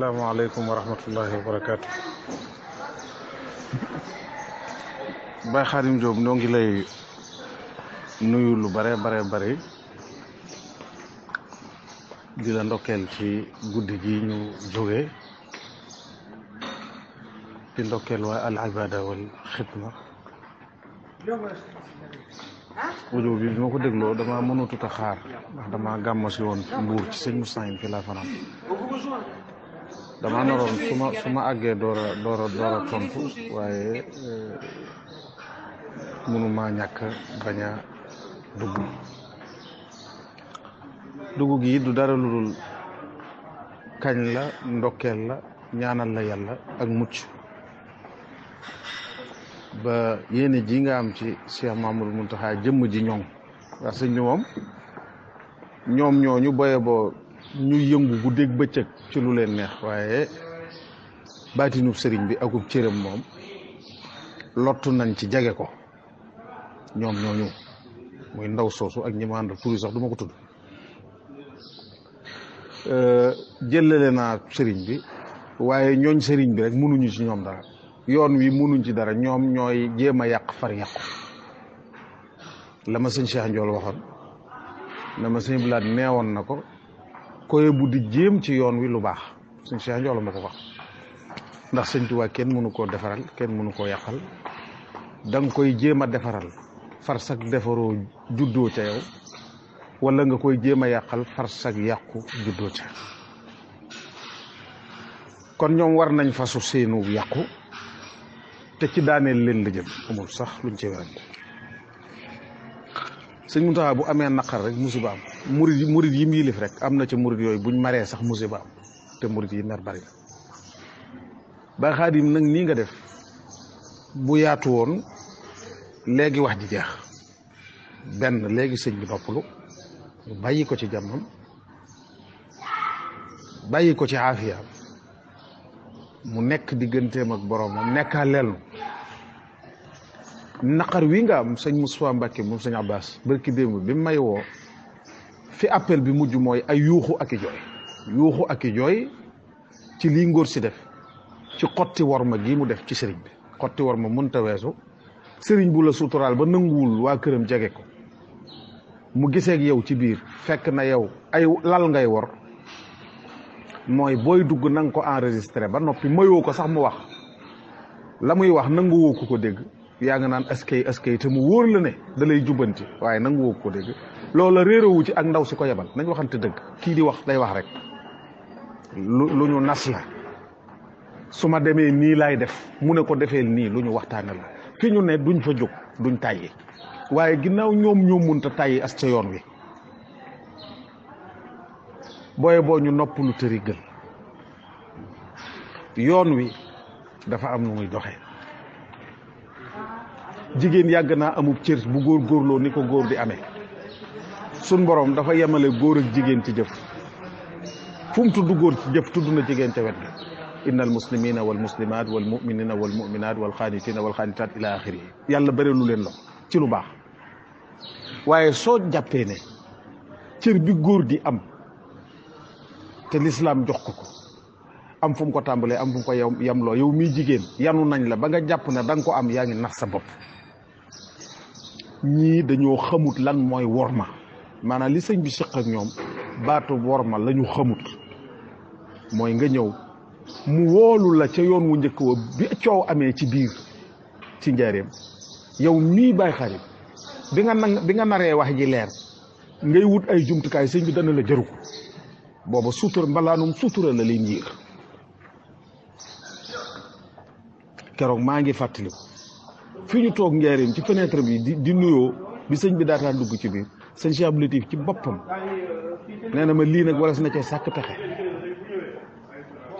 asalaamaaleykum wa rahmatullahi wa barakaatu. Baye Xaadim Diop noo lay nuyu lu bare bare bare di la ndokkeel ci guddi gi ñu jóge di ndokkeel waa al ibada wal xidma audio bi bi ko dégloo dama mënatut a xaar ndax dama gàmmo si woon mbuur ci sëñ Moussa fi laa fanaan damaa naroon su ma su ma àggee door a door tontu waaye eh, mënumaa ñàkk bañ a dugg gi du dara lu dul kañ la ndokkeel la ñaanal la yàlla ak mucc ba yéene ji nga am ci Cheikh Mamadou Mountakha jëmm ji ñoŋ. waaw sëñ bi ñoom ñooñu boye boo ñu yëngu ba bëccëg ci lu leen neex waaye baatinu sëriñ bi akub cëram moom lottu nañ ci jege ko ñoom ñooñu muy ndaw soosu ak ñi ma ànd turi sax du ma ko tudd euh, jëlale naa sëriñ bi waaye ñooñ sëriñ bi rek mënuñu ci ñoom dara yoon wi mënuñ ci dara ñoom ñooy jéem a yàq far yàqu la ma sëñ Cheikh Ndiol waxoon na ma sëñ neewoon na ko koye bu di jéem ci yoon wi lu baax suñ Cheikh Njool ma ko wax ndax sëñ kenn mënu koo defaral kenn mënu koo yàqal danga koy jéem a defaral far sag defaroo juddoo ca yow wala nga koy jéem a yàqal far sag yàqu juddoo ca kon ñoom war nañ fasu seenu yàqu te ci daaneel leen la jëm amul sax luñ ci werante sëñ Muntaxa bu amee naqar rek musiba am murid murid yi mu yilif rek am na ci murid yooyu buñ maree sax musiba am te murid yi mer bari ba xaadim nag nii nga def bu yaatu woon léegi wax ji jeex benn léegi sëñ bi noppalu bàyyi ko ci jàmmam bàyyi ko ci aafiyaam mu nekk digganteem ak boroom boroomam nekkaa leellu naqar wii nga am sëñ Moustapha Mbacke moom sëñ Abbas barki démb bi mu may woo fi appel bi mujj mooy ay yuuxu ak i yuuxu ak i jooy ci lii ngóor si def ci xotti worma gi mu def ci sëriñ bi xotti ma mënta weesu sëriñ bu la suturaal ba nanguwul waa këram jege ko mu giseeg yow ci biir fekk na yow ay lal ngay wor mooy booy dugg na nga ko enregistré ba noppi mayoo ko sax mu wax la muy wax nanguwoo ko ko dégg yaa nga naan askay askay te mu wóor la ne da lay jubbanti waaye nangu woo ko dégg loola réerowu ci ak ndaw si ko yebal nañ waxante dëgg kii di wax lay wax rek lu ñu nas la su ma demee nii laay def mu ne ko defeel nii lu ñu waxtaane la ki ñu ne duñ fa jóg duñ tàyyi waaye ginnaaw ñoom ñoo munta tàyyi as yoon wi booye boo ñu nopp lu tëri gën yoon wi dafa am nu muy doxe jigéen yàgg naa amub cër bu góor góorloo ni ko góor di amee sun borom dafa yemale góor ak jigéen ci jëf fu mu tudd góor ci jëf tudd na jigéen ca wet gi inna al muslimina wal muslimat wal muminina wal muminat wal xaanitina wal xaanitat ila axiri yàlla bëre lu leen loxo ci lu baax waaye soo jàppee ne cër bi góor di am te lislaam jox ko ko am fum ko tàmbalee am fu ko yam yamloo yow miy jigéen yanu nañ la ba nga jàpp na danga ko am yaa ngi nax sa bopp ñii dañoo xamut lan mooy worma maanaam li sëñ bi siq ak ñoom baatu worma la ñu xamut mooy nga ñëw mu woolu la ca yoon wu njëkk wa bi coow amee ci biir ci njaareem yow mii bàyyi xarit bi nga nga naree wax ji leer ngay wut ay jumtukaay sëñ bi dana la jëru booba suutur mbalaanum suutura la lay njiir keroog maa ngi fàttaliku fii ñu toog njaareem ci fenêtre bi di di nuyoo bi sëñ bi daataan dugg ci biir sëñ Cheikh Abdou Latif ci boppam nee na ma lii nag waras na cee sàkk pexe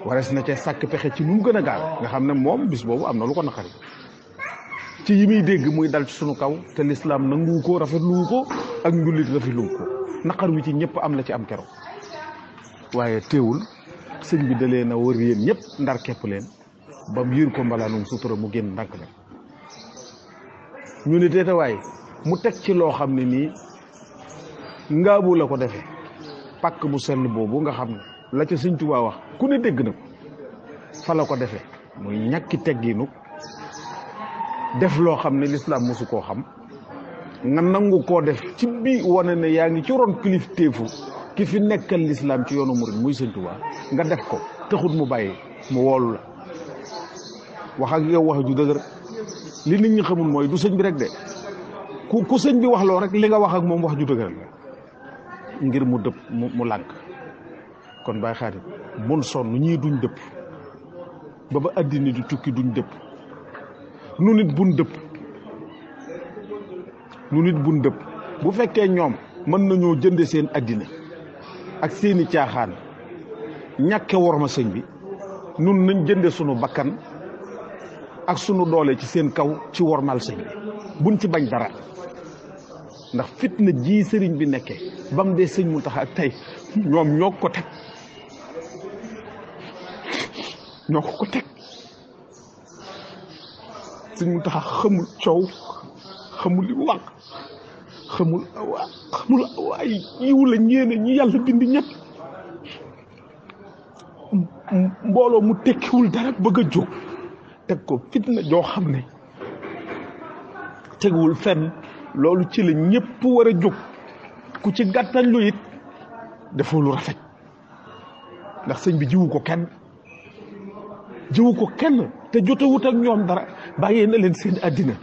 waras na cee sàkk pexe ci nu mu gën a gaaw nga xam ne moom bis boobu am na lu ko naqari ci yi muy dégg muy dal ci sunu kaw te lislaam nanguwu ko rafetluwu ko ak njullit rafetluwu ko naqar wi ci ñépp am la ci am keroog waaye teewul sëñ bi dalee na wër yéen ñëpp ndar képp leen ba mu yër ko mbalaanum sutura mu génn ndànk ñu ni teetawaay mu teg ci loo xam ne nii ngaabu la ko defee pàkk bu sell boobu nga xam ne la ca sëñ Tuubaa wax ku ne dégg na ko fa la ko defee muy ñàkki teggiinu def loo xam ne lislaam mosu koo xam nga nangu koo def ci bi wane ne yaa ngi ci ron kilifteefu ki fi nekkal lislaam ci yoonu murit muy sëñ nga def ko taxut mu bàyyi mu woolu la wax ak yow wax ju dëgër li nit ñi xamul mooy du sëñ bi rek de ku sëñ bi wax loo rek li nga wax ak moom wax ju dëgëral la ngir mu dëpp mu lànk kon bàyyi xaarit mun sonn ñii duñ dëpp ba ba àddina di tukki duñ dëpp nu nit buñ dëpp nu nit buñ dëpp bu fekkee ñoom mën nañoo jënde seen àddina ak seeni caaxaan ñàkke worma sëñ bi nun nañ jënde sunu bakkan ak sunu doole ci seen kaw ci wormal sëñ bi buñ ci bañ dara ndax fitna ji sëriñ bi nekkee bam de sëñ mu tax ak tey ñoom ñoo ko teg ñoo ko ko teg sëñ mu tax xamul coow xamul li wax xamul awaa xamul awaa yiw la ñeene ñi yàlla bind ñëpp mbooloo mu tekkiwul dara bëgg a jóg teg ko fitna joo xam ne teguwul fenn loolu ci la ñëpp war a jóg ku ci gàttal lu it defoo lu rafet ndax sëñ bi jiwu ko kenn jiwu ko kenn te jotewut ak ñoom dara bàyyee na leen seen àddina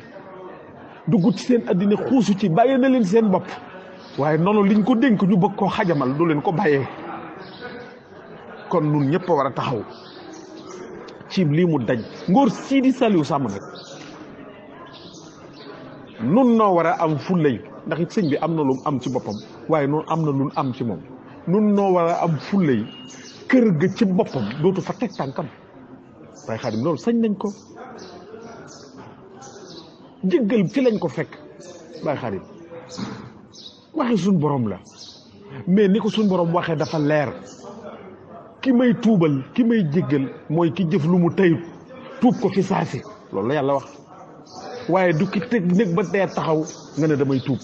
duggut ci seen àddina xuusu ci bàyyee na leen seen bopp waaye noonu liñ ko dénk ñu bëgg koo xajamal du leen ko bàyyee kon nun ñëpp war a taxaw ci lii mu daj ngóor Sidi Saliou sàmm nag nun noo war a am fullay ndax it sëñ bi am na lu am ci boppam waaye noonu am na lu mu am ci moom nun noo war a am fullay kër ga ci boppam dootu fa teg tànkam waaye xaadim loolu sañ nañ ko jëggal fi lañ ko fekk waaye xaadim waxee suñ borom la mais ni ko suñ borom waxe dafa leer ki may tuubal ki may jéggal mooy ki jëf lu mu tayut tuub ko fi saasi loolu la yàlla wax waaye du ki teg néeg ba dee taxaw nga ne damay tuub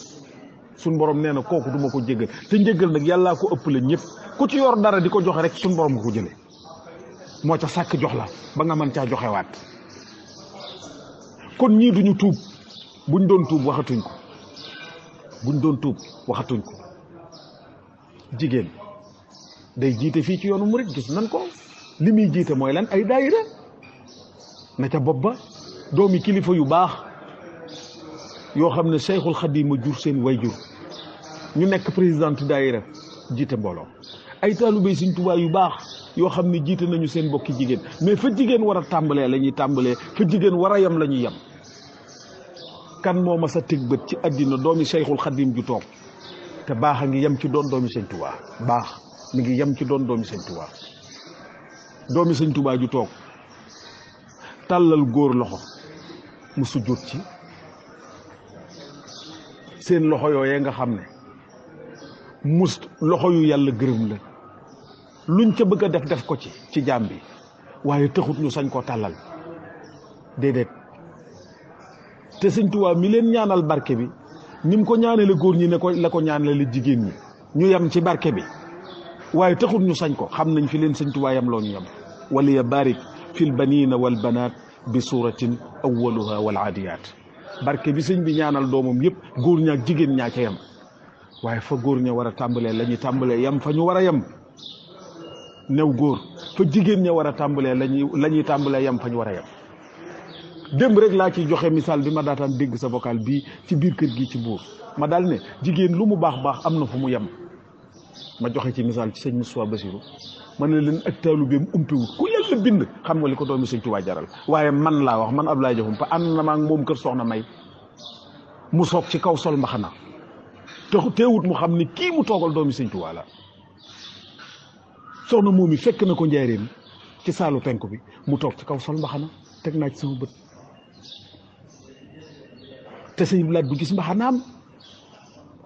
suñ borom nee na kooku duma ko jéggal te njéggal nag yàllaa ko ëpp ëppale ñëpp ku ci yor dara di ko joxe rek suñ borom nga ko jële moo ca sàkk jox la ba nga mën caa waat kon ñii duñu tuub buñ doon tuub waxatuñ ko buñ doon tuub waxatuñ ko jigéen day jiite fii ci yoonu murit gis nan ko li muy jiite mooy lan ay daayira na ca bopp ba doomi kilifa yu baax yoo xam ne Seyxul Xadiim ma jur seen way wayjur ñu nekk président daayira jiite mbooloo ay taalubéy Sëñ Tuubaa yu baax yoo xam ne jiite nañu seen bokki jigéen mais fa jigéen war a tàmbalee la ñuy tàmbalee fa jigéen war a yem la ñuy yem kan moo ma sa teg bët ci àddina doomi Seyxul Xadiim ju toog te baax a ngi yem ci doon doomi seen Tuubaa baax mi ngi yem ci doon doomi sëñ Tuubaa doomi sëñ Tuubaa ju toog tàllal góor loxo mu sujjóot ci seen loxo yooye nga xam ne mus loxo yu yàlla gërëm la luñ ca bëgg a def def ko ci ci jaam bi waaye taxut ñu sañ ko tàllal déedéet te sëñ Tuubaa mi leen ñaanal barke bi ni mu ko ñaanale góor ñi ne ko la ko ñaanale jigéen ñi ñu yem ci barke bi waaye taxul ñu sañ ko xam nañ fi leen sëñ tuwaayam loo ñu yem wala ya barik fil banina wal banaat bi suratin awaluha wal aadiyaat barke bi sëñ bi ñaanal doomam yëpp góor ñaak jigéen ñaa ca yem waaye fa góor ña war a tàmbalee la ñuy tàmbalee yem fa ñu war a yem new góor fa jigéen ña war a tàmbalee la ñuy la ñuy tàmbalee yem ñu war a yem démb rek laa ci joxe misaal bi ma daataan dégg sa vocal bii ci biir kër gi ci buur ma daal ne jigéen lu mu baax baax am na fu mu yem ma joxe ci misaal ci sëñ Moustapha Bassirou ma ne leen ak taalubeem umpiwut ku yàlla bind xam nga li ko doomi sëñ Tuubaa jaral waaye man laa wax man Abdoulaye Diakhoum pa ànd na maa ngi moom kër soxna May mu soog ci kaw sol mbaxana te teewut mu xam ni kii mu toogal doomi sëñ Tuubaa la soxna moom yi fekk na ko njaareem ci saalu penk bi mu toog ci kaw sol mbaxana teg naa ci sama sëñ Abdoulaye gis mbaxanaam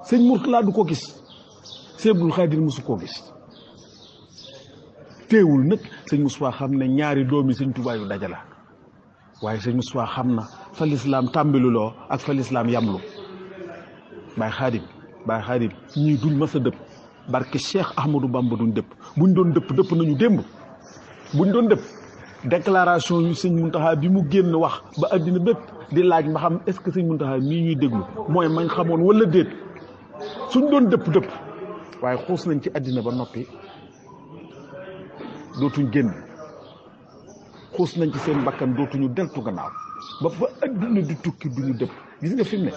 sëñ Mourtala du ko gis. sëñ Abdul Xaadir mosu koo gis teewul nag sëñ Moussa xam ne ñaari doomi sëñ Tuubaa yu dajala waaye sëñ Moussa xam na fa lislaam tàmbaliloo ak fa lislaam yamlu Baay Xaadim Baay bi ñii duñ mës a dëpp barke Cheikh Ahmadou Bamba duñ dëpp ñu doon dëpp dëpp nañu démb buñ doon dëpp déclaration yu sëñ Muntaxa bi mu génn wax ba àddina bépp di laaj ma xam est-ce que sëñ Muntaxa mii ñuy déglu mooy mañ xamoon walla déet suñ doon dëpp dëpp waaye xuus nañ ci àddina ba noppi dootuñ génn xuus nañ ci seen bakkan dootuñu deltu gannaaw ba fa àddina di tukki duñu dëpp gis nga fi ne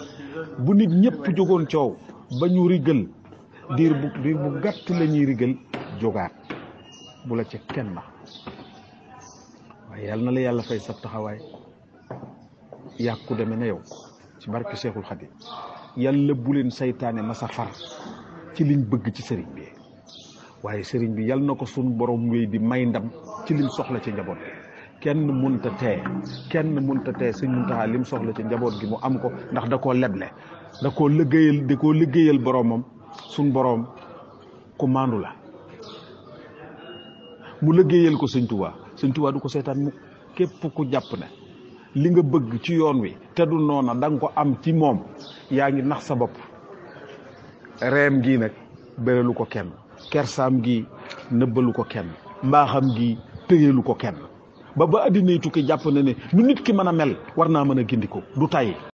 bu nit ñëpp jógoon coow ba ñu rigal diir bu diir bu gàtt la ñuy rigal jógaat bu la ca kenn na waaye yàlla na la yàlla fay sab taxawaay yàkku deme na yow ci barke Cheikhul Khadim yàlla bu leen seytaane na sa far ci bëgg ci sëriñ bi waaye sëriñ bi yal na ko suñ borom wéy di may ndam ci lim soxla ci njaboot gi kenn munta tee kenn munta tee sëñ Muntaxa lim soxla ci njaboot gi mu am ko ndax da koo leble da koo liggéeyal da koo liggéeyal boroomam suñ boroom ku maandu la mu liggéeyal ko sëñ Tuubaa sëñ du ko seetaan mu képp ku jàpp ne li nga bëgg ci yoon wi te du noona da ko am ci moom yaa ngi nax sa bopp reem gi nag béralu ko kenn kersaam gi nëbbalu ko kenn mbaaxam gi tëyeelu ko kenn ba ba addina yi tukki jàpp na ne nu nit ki mën a mel war naa mën a gindi ko du tàyyi